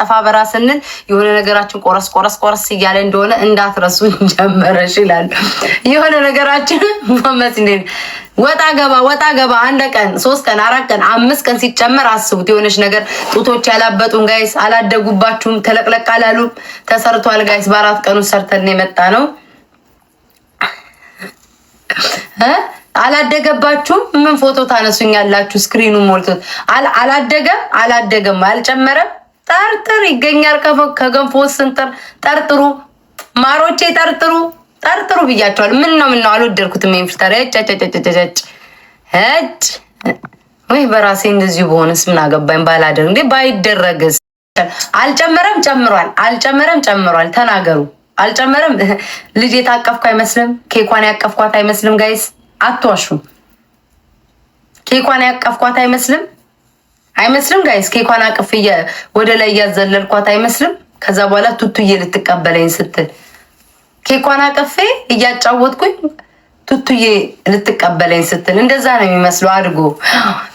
ጠፋ በራ ስንል የሆነ ነገራችን ቆረስ ቆረስ ቆረስ እያለ እንደሆነ እንዳትረሱ ጀመረሽ ይላሉ። የሆነ ነገራችን መመስ እንዴት ወጣ ገባ ወጣ ገባ አንድ ቀን ሶስት ቀን አራት ቀን አምስት ቀን ሲጨመር አስቡት። የሆነች ነገር ጡቶች ያላበጡን ጋይስ አላደጉባችሁም፣ ተለቅለቅ አላሉ፣ ተሰርቷል ጋይስ። በአራት ቀኑ ሰርተን የመጣ ነው። አላደገባችሁም። ምን ፎቶ ታነሱኛላችሁ? ስክሪኑ ሞልቶት አላደገም፣ አላደገም፣ አልጨመረም ጠርጥር ይገኛል። ከገንፎ ስንጥር ጠርጥሩ፣ ማሮቼ ጠርጥሩ፣ ጠርጥሩ ብያቸዋል። ምን ነው ምን ነው አልወደድኩትም። ፍርታሪ ጨጨጨጨጨጭ እጭ ወይ በራሴ እንደዚሁ በሆነስ ምን አገባኝ? ባላደር እንዴ ባይደረግስ? አልጨመረም ጨምሯል፣ አልጨመረም ጨምሯል። ተናገሩ። አልጨመረም ልጅ የታቀፍኩ አይመስልም። ኬኳን ያቀፍኳት አይመስልም። ጋይስ አትዋሹም። ኬኳን ያቀፍኳት አይመስልም። አይመስልም? ጋይስ ኬኳን አቅፍየ ወደ ላይ እያዘለልኳት አይመስልም? ከዛ በኋላ ቱቱዬ ልትቀበለኝ ስትል ኬኳን አቅፌ እያጫወትኩኝ ቱቱዬ ልትቀበለኝ ስትል እንደዛ ነው የሚመስለው። አድጎ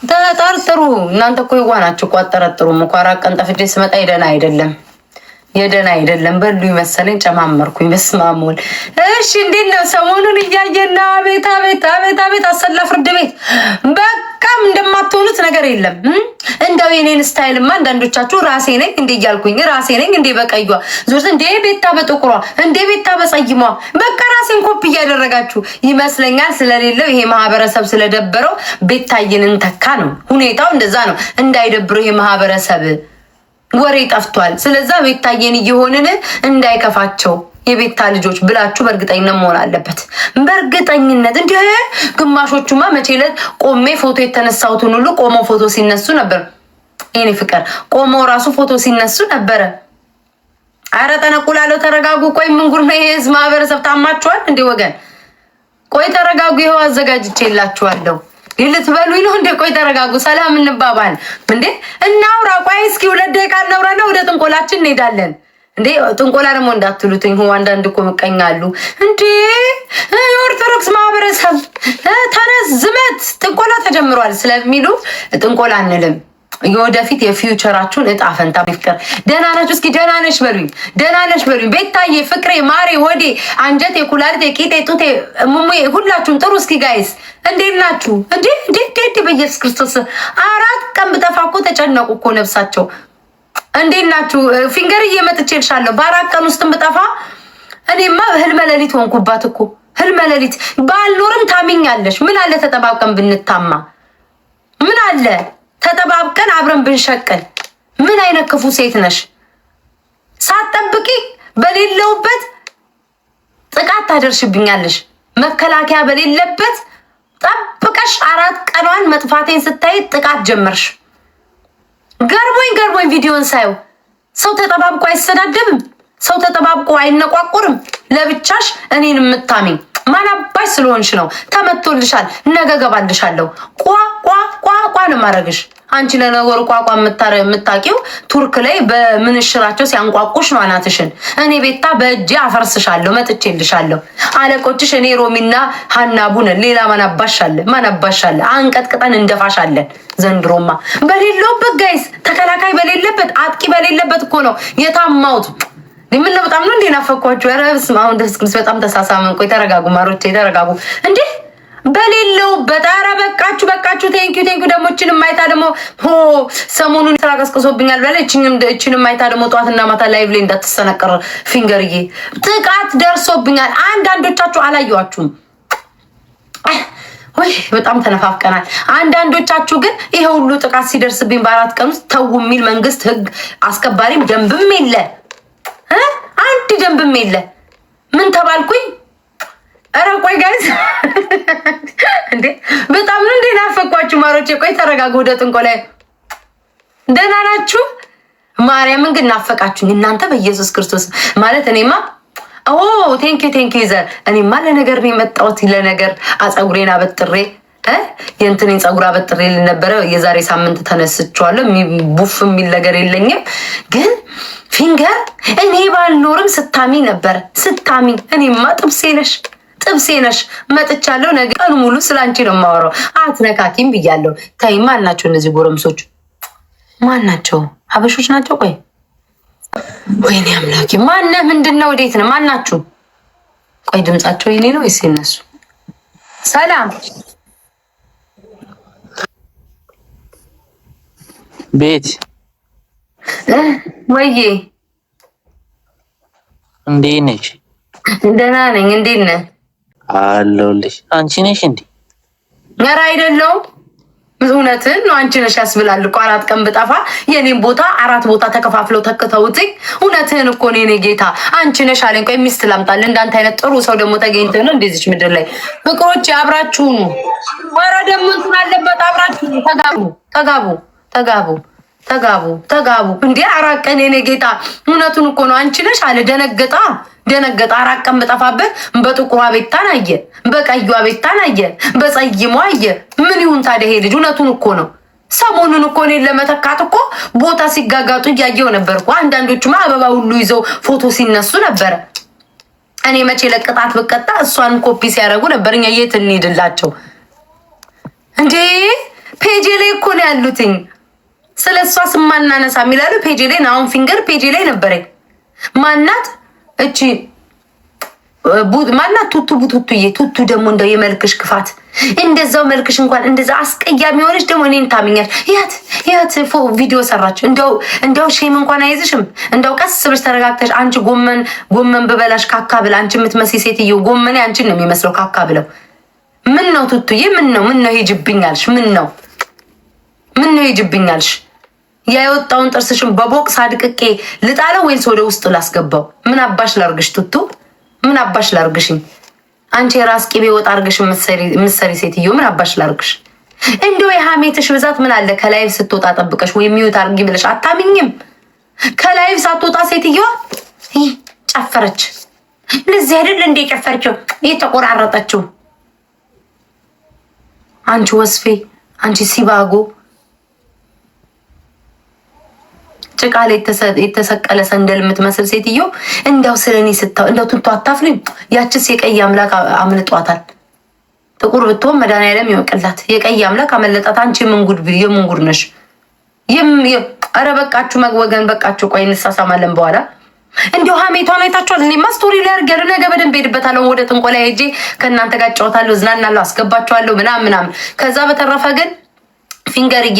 ተጠርጥሩ እናንተ እኮ የዋ ናቸው እኮ አጠረጥሩም እኮ አራት ቀን ጠፍቼ ስመጣ የደህና አይደለም የደህና አይደለም በሉ ይመሰለኝ ጨማመርኩኝ። በስማሙል እሺ፣ እንዴት ነው ሰሞኑን እያየና አቤት አቤት አቤት አቤት አሰላ ፍርድ ቤት በቃ መልካም እንደማትሆኑት ነገር የለም። እንደው የኔን ስታይልማ አንዳንዶቻችሁ ራሴ ነኝ እንዴ እያልኩኝ ራሴ ነኝ እንዴ በቀዩ ዙርት እንዴ ቤታ በጥቁሯ እንዴ ቤታ በጸይሟ በቃ ራሴን ኮፕ እያደረጋችሁ ይመስለኛል። ስለሌለው ይሄ ማህበረሰብ ስለደበረው ቤታዬን እንተካ ነው ሁኔታው። እንደዛ ነው እንዳይደብረው ይሄ ማህበረሰብ ወሬ ጠፍቷል። ስለዛ ቤታዬን እየሆንን እንዳይከፋቸው የቤታ ልጆች ብላችሁ በእርግጠኝነት መሆን አለበት። በእርግጠኝነት እንዲ ግማሾቹማ መቼ ዕለት ቆሜ ፎቶ የተነሳሁትን ሁሉ ቆመው ፎቶ ሲነሱ ነበር። ይኔ ፍቅር ቆመው ራሱ ፎቶ ሲነሱ ነበረ። አረ ጠነቁላለሁ። ተረጋጉ። ቆይ ምንጉር ጉድ ነው የህዝብ ማህበረሰብ? ታማችኋል እንዴ ወገን? ቆይ ተረጋጉ። ይኸው አዘጋጅቼላችኋለሁ። ልትበሉ ነው እንዴ? ቆይ ተረጋጉ። ሰላም እንባባል እንዴ? እናውራ። ቆይ እስኪ ሁለት ደቂቃ እናውራና ወደ ጥንቆላችን እንሄዳለን። እንዴ ጥንቆላ ደግሞ እንዳትሉትኝ ሁ አንዳንድ እኮ ምቀኛ አሉ። እንዴ የኦርቶዶክስ ማህበረሰብ ተነስ፣ ዝመት፣ ጥንቆላ ተጀምሯል ስለሚሉ ጥንቆላ አንልም። የወደፊት የፊውቸራችሁን እጣ ፈንታ ፍቅር ደህና ናችሁ? እስኪ ደህና ነሽ በሉኝ፣ ደህና ነሽ በሉኝ። ቤታዬ፣ ፍቅሬ፣ ማሬ፣ ወዴ አንጀቴ፣ ኩላሊቴ፣ ቂጤ፣ ጡቴ፣ ሙሙ ሁላችሁም ጥሩ። እስኪ ጋይስ እንዴት ናችሁ? እንዴ እንዴ እንዴ! በኢየሱስ ክርስቶስ አራት ቀን ብጠፋ እኮ ተጨነቁ እኮ ነብሳቸው እንዴት ናችሁ? ፊንገር እየመጥቼ ልሻለሁ። በአራት ቀን ውስጥ ብጠፋ እኔማ ህልመ ሌሊት ሆንኩባት እኮ ህልመ ሌሊት። ባልኖርም ታሚኛለሽ። ምን አለ ተጠባብቀን ብንታማ? ምን አለ ተጠባብቀን አብረን ብንሸቅል? ምን አይነት ክፉ ሴት ነሽ? ሳትጠብቂ በሌለውበት ጥቃት ታደርሽብኛለሽ። መከላከያ በሌለበት ጠብቀሽ አራት ቀኗን መጥፋቴን ስታይ ጥቃት ጀመርሽ። ገርሞኝ ገርሞኝ ቪዲዮን ሳየው ሰው ተጠባብቆ አይሰዳደብም፣ ሰው ተጠባብቆ አይነቋቁርም። ለብቻሽ እኔን የምታሚኝ ማናባሽ ስለሆንሽ ነው። ተመቶልሻል፣ ነገ ገባልሻለሁ። ቋ ቋ ቋ ነው ማረግሽ አንቺ ለነገሩ ቋቋ የምታውቂው ቱርክ ላይ በምንሽራቸው ሲያንቋቁሽ ነው አናትሽን። እኔ ቤታ በእጄ አፈርስሻለሁ፣ መጥቼልሻለሁ። አለቆችሽ እኔ ሮሚና ሀና ቡነን ሌላ ማናባሻለን፣ ማናባሻለን፣ አንቀጥቅጠን እንደፋሻለን። ዘንድሮማ በሌለውበት ጋይስ፣ ተከላካይ በሌለበት አጥቂ በሌለበት እኮ ነው የታማውት። ምን በጣም ነው እንዴ ናፈኳችሁ? ኧረ በስመ አብ። አሁን ደስ በጣም ተሳሳመን። ቆይ ተረጋጉ ማሮቼ፣ ተረጋጉ እንዴ በሌለውበት። ኧረ በቃችሁ በቃችሁ። ቴንኪዩ ቴንኪዩ። ደግሞ እችንም ማይታ ደግሞ ሰሞኑን ስራ ቀስቅሶብኛል በለ እችንም ማይታ ደግሞ ጠዋትና ማታ ላይቭ ላይ እንዳትሰነቀር ፊንገርዬ፣ ጥቃት ደርሶብኛል። አንዳንዶቻችሁ አላየዋችሁም ወይ በጣም ተነፋፍቀናል። አንዳንዶቻችሁ ግን ይሄ ሁሉ ጥቃት ሲደርስብኝ በአራት ቀን ውስጥ ተው የሚል መንግስት ህግ አስከባሪም ደንብም የለ አንድ ደንብም የለ ምን ተባልኩኝ? ኧረ ቆይ ጋይዝ እንዴ በጣም ነው እንዴ ናፈኳችሁ ማሮቼ። ቆይ ተረጋጉ። ወደ ጥንቆ ደህና ናችሁ? ማርያምን ግን ናፈቃችሁኝ እናንተ በኢየሱስ ክርስቶስ ማለት እኔማ ኦ ቴንኪ ቴንኪ ይዘ እኔማ ለነገር ነው የመጣሁት ለነገር አፀጉሬን አበጥሬ የእንትኔን ፀጉር አበጥሬ ልነበረ የዛሬ ሳምንት ተነስቼዋለሁ። ቡፍ የሚል ነገር የለኝም ግን ፊንገር እኔ ባልኖርም ስታሚ ነበር ስታሚ እኔማ ጥብሴ ነሽ ጥብሴ ነሽ። መጥቻለሁ። ነገ ቀኑ ሙሉ ስላንቺ ነው የማወራው። አትነካኪም ብያለሁ። ተይ። ማን ናቸው እነዚህ ጎረምሶች? ማን ናቸው? ሀበሾች ናቸው? ቆይ ወይኔ አምላኪ ማነ ምንድን ነው? ወዴት ነው? ማን ናችሁ? ቆይ ድምጻቸው የኔ ነው ወይስ የነሱ? ሰላም ቤት ወይ እንዴ ነሽ? ደህና ነኝ። እንዴት ነህ? አለሁልሽ። አንቺ ነሽ እንዴ? ኧረ አይደለሁም። እውነትን ነው አንቺ ነሽ ያስብላል እኮ አራት ቀን ብጠፋ የኔን ቦታ አራት ቦታ ተከፋፍለው ተክተውትኝ። እውነትህን እኮ ኔ ኔ ጌታ አንቺ ነሽ አለኝ። ቆይ ሚስት ላምጣልህ። እንዳንተ አይነት ጥሩ ሰው ደግሞ ተገኝተ ነው እንደዚች ምድር ላይ ፍቅሮች አብራችሁ ነው። ኧረ ደግሞ እንትን አለበት አብራችሁ ተጋቡ፣ ተጋቡ፣ ተጋቡ ተጋቡ ተጋቡ። እንዴ አራት ቀን የኔ ጌታ፣ እውነቱን እኮ ነው። አንቺ ነሽ አለ። ደነገጣ ደነገጣ። አራት ቀን በጠፋበት በጥቁሯ ቤታን አየ፣ በቀዩ ቤታን አየ፣ በፀይሟ አየ። ምን ይሁን ታዲያ ይሄ ልጅ? እውነቱን እኮ ነው። ሰሞኑን እኮ እኔን ለመተካት እኮ ቦታ ሲጋጋጡ እያየው ነበር እኮ። አንዳንዶቹማ አበባ ሁሉ ይዘው ፎቶ ሲነሱ ነበረ። እኔ መቼ ለቅጣት ብቀጣ እሷን ኮፒ ሲያደርጉ ነበር። እኛ የት እንሄድላቸው እንዴ? ፔጄ ላይ እኮ ነው ያሉትኝ ስለ እሷ ስማናነሳ የሚላሉ ፔጅ ላይ አሁን ፊንገር ፔጅ ላይ ነበረኝ። ማናት እቺ ማናት? ቱቱ ቡቱቱዬ ቱቱ ደግሞ እንደው የመልክሽ ክፋት እንደዛው መልክሽ እንኳን እንደዛ አስቀያሚ የሆነች ደግሞ እኔን ታምኛል። ያት ያት ፎ ቪዲዮ ሰራች። እንደው እንደው ሼም እንኳን አይዝሽም። እንደው ቀስ ብለሽ ተረጋግተሽ አንቺ ጎመን ጎመን ብበላሽ ካካ ብለ አንቺ የምትመስይ ሴትዮ ጎመን አንቺን ነው የሚመስለው ካካ ብለው። ምን ነው ቱቱዬ፣ ምን ነው ምን ነው ሄጅብኛልሽ? ምን ነው ምን ነው ሄጅብኛልሽ? የወጣውን ጥርስሽን በቦቅስ አድቅቄ ልጣለው ወይስ ወደ ውስጥ ላስገባው? ምን አባሽ ላርግሽ? ቱቱ ምን አባሽ ላርግሽኝ? አንቺ የራስ ቂቤ ወጥ አርግሽ ምሰሪ ሴትዮ፣ ምን አባሽ ላርግሽ? እንዲሁ የሀሜትሽ ብዛት ምን አለ ከላይቭ ስትወጣ ጠብቀሽ ወይ ሚዩት አርጊ ብለሽ አታምኝም? ከላይቭ ሳትወጣ ሴትዮ ጨፈረች። ለዚህ አይደል እንዴ ጨፈረችው የተቆራረጠችው። አንቺ ወስፌ፣ አንቺ ሲባጎ ጭቃ ላይ የተሰቀለ ሰንደል የምትመስል ሴትዮ እንዲያው ስለኔ ስታው እንዲያው ትንቶ አታፍሉኝ። ያችስ የቀይ አምላክ አምልጧታል። ጥቁር ብትሆን መድኃኒዓለም ይወቅላት። የቀይ አምላክ አመለጣት። አንቺ የምንጉድ የምንጉድ ነሽ። ኧረ በቃችሁ መወገን በቃችሁ። ቆይ እንሳሳማለን በኋላ እንዲሁ ሀሜቷን አይታችኋል። እኔማ ማስቶሪ ላይ አድርጌያለሁ። ነገ በደንብ ሄድበታለሁ። ወደ ጥንቆላ ሄጄ ከእናንተ ጋር እጫወታለሁ፣ እዝናናለሁ፣ አስገባችኋለሁ ምናምን ምናምን። ከዛ በተረፈ ግን ፊንገርዬ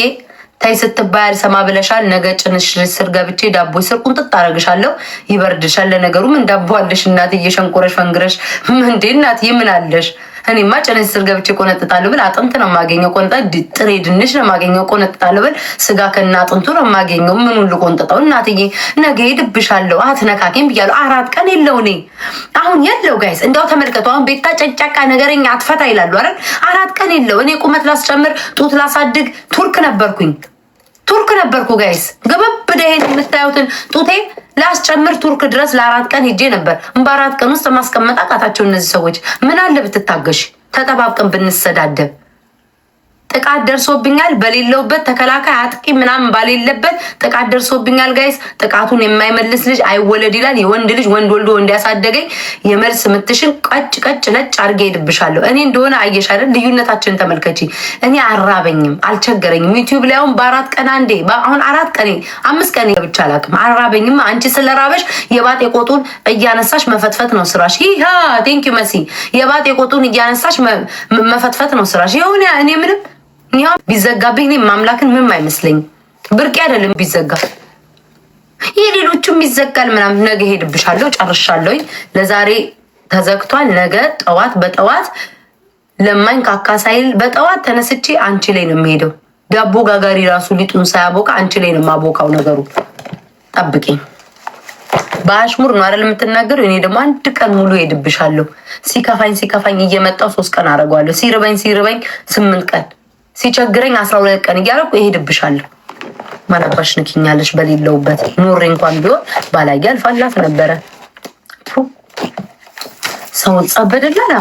ተይ ስትባይ አልሰማ ብለሻል። ነገ ጭንሽ ስር ገብቼ ዳቦ ስር ቁምጥጥ አረግሻለሁ፣ ይበርድሻል። ለነገሩ ምን ዳቦ አለሽ እናትዬ? ሸንቆረሽ ፈንግረሽ ምንዴ እናትዬ ምን አለሽ? እኔማ ጭነት ስር ገብቼ ቆነጥጣለሁ ብል አጥንት ነው የማገኘው። ቆንጠ ጥሬ ድንች ነው የማገኘው። ቆነጥጣለሁ ብል ስጋ ከና አጥንቱ ነው የማገኘው። ምኑን ልቆንጥጠው? እናትዬ ነገ ይድብሻለሁ አትነካኪም ብያለሁ። አራት ቀን የለው እኔ አሁን የለው ጋይስ፣ እንዲያው ተመልከቱ። አሁን ቤታ ጨጫቃ ነገረኛ አትፈታ ይላሉ አይደል? አራት ቀን የለው እኔ ቁመት ላስጨምር ጡት ላሳድግ ቱርክ ነበርኩኝ። ቱርክ ነበርኩ ጋይስ። ገበብ ይሄን የምታዩትን ጡቴ ላስጨምር ቱርክ ድረስ ለአራት ቀን ሄጄ ነበር። በአራት ቀን ውስጥ ማስቀመጥ አቃታቸው እነዚህ ሰዎች። ምን አለ ብትታገሽ፣ ተጠባብቀን ብንሰዳደብ ጥቃት ደርሶብኛል፣ በሌለውበት ተከላካይ አጥቂ ምናምን ባሌለበት ጥቃት ደርሶብኛል። ጋይስ ጥቃቱን የማይመልስ ልጅ አይወለድ ይላል። የወንድ ልጅ ወንድ ወልዶ እንዲያሳደገኝ የመልስ ምትሽን ቀጭ ቀጭ ነጭ አድርጌ ሄድብሻለሁ። እኔ እንደሆነ አየሽ አይደል? ልዩነታችን ተመልከቺ። እኔ አራበኝም፣ አልቸገረኝም። ዩቲዩብ ላይ አሁን በአራት ቀን አንዴ አሁን አራት ቀኔ አምስት ቀኔ ብቻ አላውቅም። አራበኝም። አንቺ ስለራበሽ የባጤ ቆጡን እያነሳሽ መፈትፈት ነው ስራሽ። ይሃ ቴንኪ መሲ የባጤ ቆጡን እያነሳሽ መፈትፈት ነው ስራሽ። የሆነ እኔ ምንም እኒያ ቢዘጋብኝ እኔ ማምላክን ምንም አይመስለኝም። ብርቅ አይደለም ቢዘጋ፣ ይህ ሌሎቹም ይዘጋል ምናምን። ነገ ሄድብሻለሁ፣ ጨርሻለሁኝ። ለዛሬ ተዘግቷል። ነገ ጠዋት በጠዋት ለማኝ ካካ ሳይል በጠዋት ተነስቼ አንቺ ላይ ነው የምሄደው። ዳቦ ጋጋሪ ራሱ ሊጡን ሳያቦካ አንቺ ላይ ነው የማቦካው። ነገሩ ጠብቂኝ። በአሽሙር ነው አይደል የምትናገረው? እኔ ደግሞ አንድ ቀን ሙሉ ሄድብሻለሁ። ሲከፋኝ ሲከፋኝ እየመጣው ሶስት ቀን አደርገዋለሁ። ሲርበኝ ሲርበኝ ስምንት ቀን ሲቸግረኝ አስራ ሁለት ቀን እያደረኩ ይሄድብሻለሁ። ማናባሽ ንኪኛለሽ በሌለውበት ኖሬ እንኳን ቢሆን ባላየ አልፋላት ነበረ። ሰው ጸበደላላ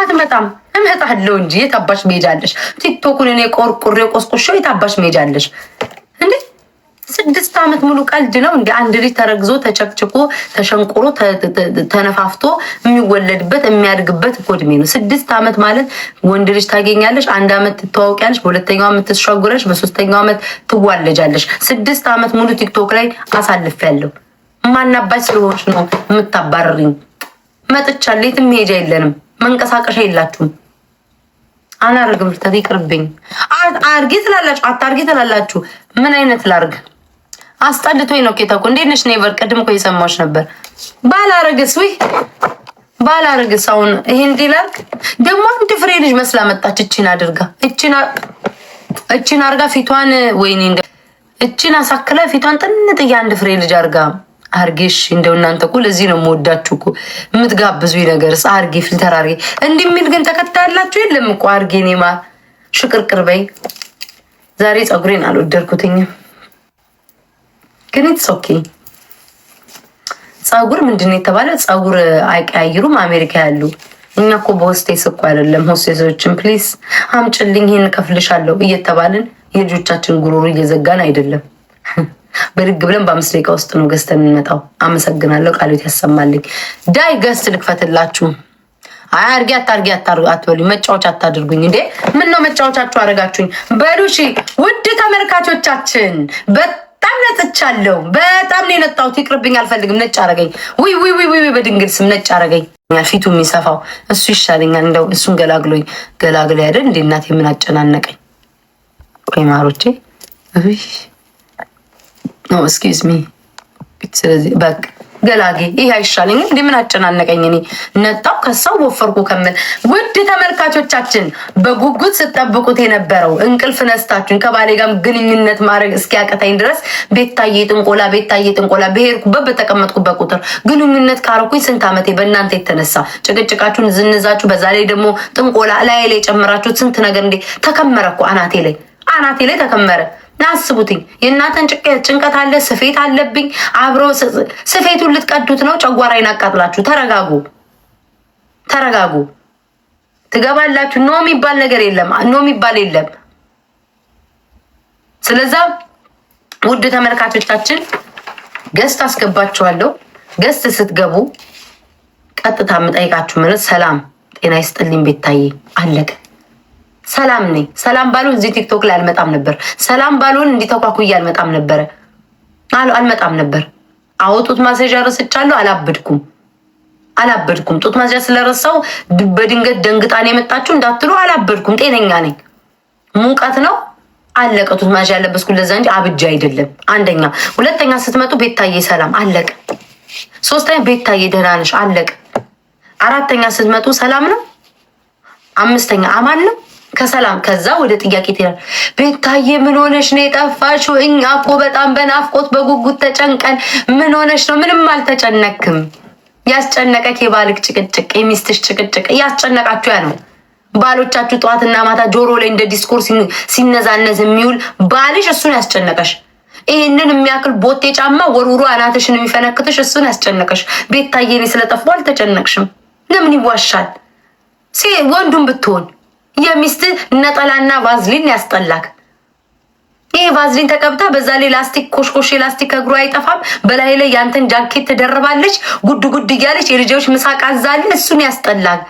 አትመጣም። እመጣለሁ እንጂ የታባሽ መሄጃለሽ? ቲክቶኩን እኔ ቆርቁሬ ቆስቁሾ የታባሽ መሄጃለሽ እንዴ? ስድስት ዓመት ሙሉ ቀልድ ነው። እንደ አንድ ልጅ ተረግዞ ተቸክችኮ ተሸንቆሮ ተነፋፍቶ የሚወለድበት የሚያድግበት ጎድሜ ነው። ስድስት ዓመት ማለት ወንድ ልጅ ታገኛለሽ፣ አንድ ዓመት ትተዋውቂያለሽ፣ በሁለተኛው ዓመት ትሻጉረሽ፣ በሶስተኛው ዓመት ትዋለጃለሽ። ስድስት ዓመት ሙሉ ቲክቶክ ላይ አሳልፌያለሁ። ማናባች ስለሆንሽ ነው የምታባረሪኝ? መጥቻለሁ። የትም መሄጃ የለንም፣ መንቀሳቀሻ የላችሁም። አናርግም፣ ይቅርብኝ። አርጌ ትላላችሁ፣ አታርጌ ትላላችሁ። ምን አይነት ላርግ? አስጠልቶኝ ነው። ኬታኮ። እኮ እንዴት ነሽ? ኔቨር ቅድም እኮ እየሰማሁሽ ነበር። ባላረግስ ወይ ባላረግስ አሁን ይሄ እንዲላርግ ደግሞ አንድ ፍሬ ልጅ መስላ መጣች። እቺን አድርጋ እቺን አርጋ ፊቷን ወይኔ እቺን አሳክለ ፊቷን ጥንጥ አንድ ፍሬ ልጅ አርጋ አርጌሽ እንደው እናንተ እኮ ለዚህ ነው የምወዳችሁ እኮ የምትጋብዙ ነገር አርጌ ፊልተር አርጌ እንዲህ የሚል ግን ተከታይ ያላችሁ የለም እኮ አርጌ ኔማ ሽቅርቅር በይ። ዛሬ ፀጉሬን አልወደድኩትኝም። ግን ኢትስ ኦኬ። ጸጉር ምንድን ነው የተባለው? ጸጉር አይቀያይሩም አሜሪካ ያሉ። እኛ እኮ በሆስቴስ እኮ አይደለም ሆስቴሶችን ፕሊስ አምጭልኝ ይህን ከፍልሻለሁ እየተባልን የልጆቻችን ጉሮሮ እየዘጋን አይደለም። ብድግ ብለን በአምስት ደቂቃ ውስጥ ነው ገዝተን የምንመጣው። አመሰግናለሁ፣ ቃልት ያሰማልኝ። ዳይ ገስት ልክፈትላችሁ። አይ አርጊ አታርጊ አታርጌ አትበሉኝ፣ መጫወቻ አታድርጉኝ። እንዴ ምን ነው መጫወቻችሁ አረጋችሁኝ? በሉ እሺ ውድ ተመልካቾቻችን ነጥቻለሁ። በጣም ነው የነጣሁት። ይቅርብኝ፣ አልፈልግም። ነጭ አረገኝ። ውይ ውይ ውይ ውይ፣ በድንግል ስም ነጭ አረገኝ። ፊቱ የሚሰፋው እሱ ይሻለኛል። እንደው እሱን ገላግሎኝ ገላግሎ ያደል እንዴ እናቴ፣ ምን አጨናነቀኝ? ቆይ ማሮቼ፣ እስኪዝ ሚ ስለዚህ በቃ ገላጌ ይህ አይሻለኝ እንዴ? ምን አጨናነቀኝ? እኔ ነጣው ከሰው ወፈርኩ ከምን። ውድ ተመልካቾቻችን በጉጉት ስጠብቁት የነበረው እንቅልፍ ነስታችሁን ከባሌ ጋር ግንኙነት ማድረግ እስኪያቅተኝ ድረስ ቤታዬ ጥንቆላ፣ ቤታዬ ጥንቆላ በሄድኩበት በተቀመጥኩበት ቁጥር ግንኙነት ካረኩኝ ስንት ዓመቴ በእናንተ የተነሳ ጭቅጭቃችሁን ዝንዛችሁ፣ በዛ ላይ ደግሞ ጥንቆላ ላይ ላይ የጨመራችሁት ስንት ነገር እንዴ! ተከመረ እኮ አናቴ ላይ አናቴ ላይ ተከመረ። ናስቡትኝ የእናንተን ጭንቀት አለ፣ ስፌት አለብኝ። አብረ ስፌቱን ልትቀዱት ነው። ጨጓራይን አቃጥላችሁ ተረጋጉ፣ ተረጋጉ። ትገባላችሁ። ኖ የሚባል ነገር የለም፣ ኖ የሚባል የለም። ስለዛ ውድ ተመልካቾቻችን ገስት አስገባችኋለሁ። ገስት ስትገቡ ቀጥታ የምጠይቃችሁ ምረት ሰላም ጤና ይስጥልኝ ቤታዬ አለቀ። ሰላም ነኝ። ሰላም ባልሆን እዚህ ቲክቶክ ላይ አልመጣም ነበር። ሰላም ባልሆን እንዲተኳኩዬ አልመጣም ነበረ አልመጣም ነበር። አወጡት ጡት ማስያዣ ረስቻለሁ። አላበድኩም አላበድኩም። ጡት ማስያዣ ስለረሳው በድንገት ደንግጣን የመጣችሁ እንዳትሉ፣ አላበድኩም። ጤነኛ ነኝ። ሙቀት ነው አለቀ። ጡት ማስያዣ ያለበስኩ ለዛ እንጂ አብጃ አይደለም። አንደኛ። ሁለተኛ ስትመጡ ቤታዬ ሰላም አለቀ። ሶስተኛ ቤታዬ ደህና ነሽ አለቀ። አራተኛ ስትመጡ ሰላም ነው። አምስተኛ አማን ነው። ከሰላም ከዛ ወደ ጥያቄ ትሄዳል። ቤታዬ ምን ሆነሽ ነው የጠፋሽው? እኛ እኮ በጣም በናፍቆት በጉጉት ተጨንቀን ምን ሆነሽ ነው? ምንም አልተጨነክም። ያስጨነቀክ የባልክ ጭቅጭቅ፣ የሚስትሽ ጭቅጭቅ እያስጨነቃችሁ ያ ነው። ባሎቻችሁ ጠዋትና ማታ ጆሮ ላይ እንደ ዲስኮርስ ሲነዛነዝ የሚውል ባልሽ እሱን ያስጨነቀሽ ይህንን የሚያክል ቦቴ ጫማ ወርውሮ አናትሽን የሚፈነክትሽ እሱን ያስጨነቀሽ። ቤታዬ እኔ ስለጠፋሁ አልተጨነቅሽም። ለምን ይዋሻል? ወንዱም ብትሆን የሚስት ነጠላና ቫዝሊን ያስጠላክ። ይህ ቫዝሊን ተቀብታ በዛ ላይ ላስቲክ ኮሽኮሽ ላስቲክ ከእግሩ አይጠፋም። በላይ ላይ ያንተን ጃኬት ትደርባለች፣ ጉድ ጉድ እያለች የልጆች ምሳቅ አዛልን። እሱን ያስጠላል።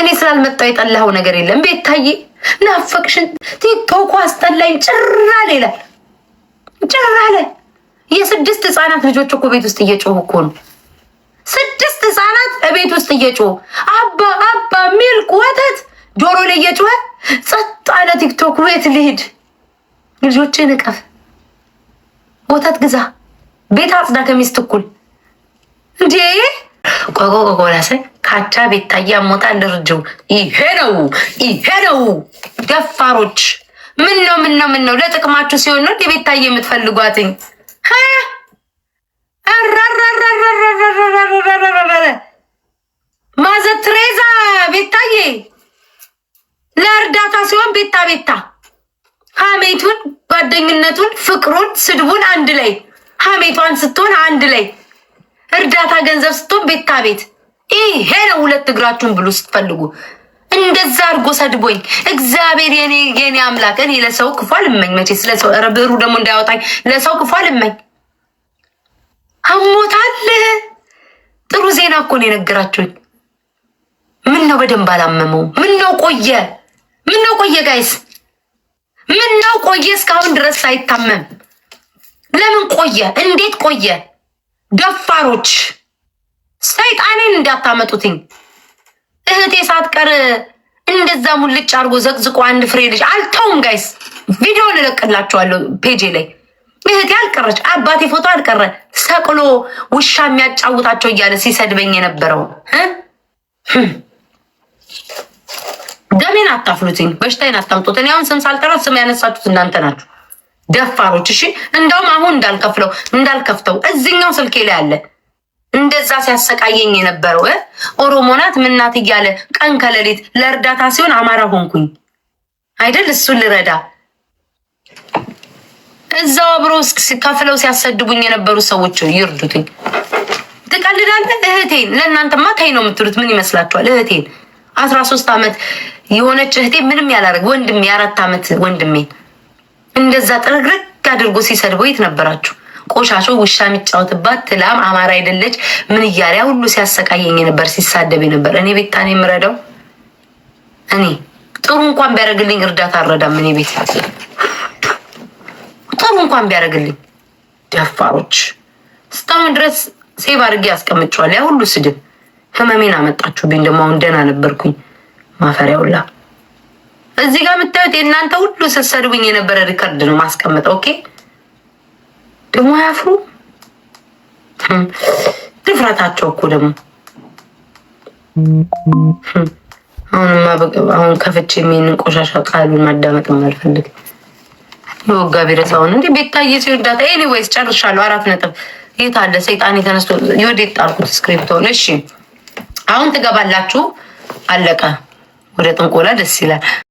እኔ ስላልመጣው የጠላኸው ነገር የለም። ቤታዬ ናፈቅሽን። ቲክቶኩ አስጠላኝ። ጭራል ይላል ጭራለ። የስድስት ህፃናት ልጆች እኮ ቤት ውስጥ እየጮሁ እኮ ነው። ስድስት ህፃናት ቤት ውስጥ እየጮሁ አባ አባ ሚልክ ወተት ጆሮ ላይ እየጮኸ ጸጥ አለ ቲክቶክ። ቤት ልሂድ፣ ልጆችን እቀፍ፣ ወተት ግዛ፣ ቤት አጽዳ ከሚስት እኩል እንዴ ቆቆ ቆቆቆቆላሰ ካቻ ቤት ታያ ሞታ ይሄ ነው ይሄ ነው። ደፋሮች ምን ነው ምን ነው ምን ነው ለጥቅማችሁ ሲሆን ነው ቤት ታየ የምትፈልጓትኝ? አራራራራ ሲሆን ቤታ ቤታ ሀሜቱን፣ ጓደኝነቱን፣ ፍቅሩን፣ ስድቡን አንድ ላይ ሀሜቷን ስትሆን አንድ ላይ እርዳታ ገንዘብ ስትሆን ቤታ ቤት። ይሄ ነው ሁለት እግራችሁን ብሎ ስትፈልጉ። እንደዛ አድርጎ ሰድቦኝ እግዚአብሔር የኔ አምላክ። እኔ ለሰው ክፉ አልመኝ መቼ ስለሰው ደግሞ እንዳያወጣኝ ለሰው ክፉ አልመኝ። አሞታል። ጥሩ ዜና እኮ ነው የነገራችሁኝ። ምን ነው በደንብ አላመመው? ምን ነው ቆየ ምን ነው ቆየ ጋይስ፣ ምን ነው ቆየ? እስካሁን ድረስ ሳይታመም ለምን ቆየ? እንዴት ቆየ? ደፋሮች ሰይጣኔን እንዳታመጡትኝ። እህቴ ሳትቀር እንደዛ ሙልጭ አድርጎ ዘቅዝቆ አንድ ፍሬ ልጅ አልተውም ጋይስ። ቪዲዮ ልለቅላችኋለሁ ፔጄ ላይ። እህቴ አልቀረች፣ አባቴ ፎቶ አልቀረ፣ ሰቅሎ ውሻ የሚያጫውታቸው እያለ ሲሰድበኝ የነበረው አታፍሉትኝ፣ በሽታዬን አታምጡት። እኔ አሁን ስም ሳልጠራ ስም ያነሳችሁት እናንተ ናችሁ ደፋሮች። እሺ እንደውም አሁን እንዳልከፍለው እንዳልከፍተው እዚኛው ስልኬ ላይ አለ። እንደዛ ሲያሰቃየኝ የነበረው ኦሮሞ ናት ምናት እያለ ቀን ከሌሊት ለእርዳታ ሲሆን አማራ ሆንኩኝ አይደል? እሱን ልረዳ እዛው አብሮ ከፍለው ሲያሰድቡኝ የነበሩ ሰዎች ይርዱትኝ። ትቀልዳለ እህቴን። ለእናንተማ ተይ ነው የምትሉት። ምን ይመስላችኋል እህቴን አስራ ሶስት አመት የሆነች እህቴ ምንም ያላደረግ ወንድሜ የአራት ዓመት ወንድሜ እንደዛ ጥርግርግ አድርጎ ሲሰድቦ የት ነበራችሁ? ቆሻሾ ውሻ የሚጫወትባት ትላም አማራ አይደለች ምን እያለ ሁሉ ሲያሰቃየኝ ነበር፣ ሲሳደብ ነበር። እኔ ቤታን የምረዳው እኔ ጥሩ እንኳን ቢያደርግልኝ እርዳታ አልረዳም። እኔ ቤት ጥሩ እንኳን ቢያደርግልኝ ደፋሮች እስካሁን ድረስ ሴቭ አድርጌ ያስቀምጫዋል ያ ሁሉ ስድብ ህመሜን አመጣችሁብኝ። ደግሞ አሁን ደህና ነበርኩኝ። ማፈሪያውላ እዚህ ጋር የምታዩት የእናንተ ሁሉ ስትሰድቡኝ የነበረ ሪከርድ ነው ማስቀመጥ። ኦኬ ደግሞ አያፍሩ ድፍረታቸው እኮ ደግሞ አሁንማ አሁን ከፍቼ የሚሄንን ቆሻሻ ቃሉን ማዳመጥ የማልፈልግ የወጋ ቢረሳ አሁን እንደ ቤታዬ ሲሆን ዳታ ኤኒዌይስ ጨርሻለሁ። አራት ነጥብ የት አለ ሰይጣን የተነስቶ የወዴት ጣልኩት ስክሪፕቶን እሺ አሁን ትገባላችሁ። አለቀ። ወደ ጥንቆላ ደስ ይላል።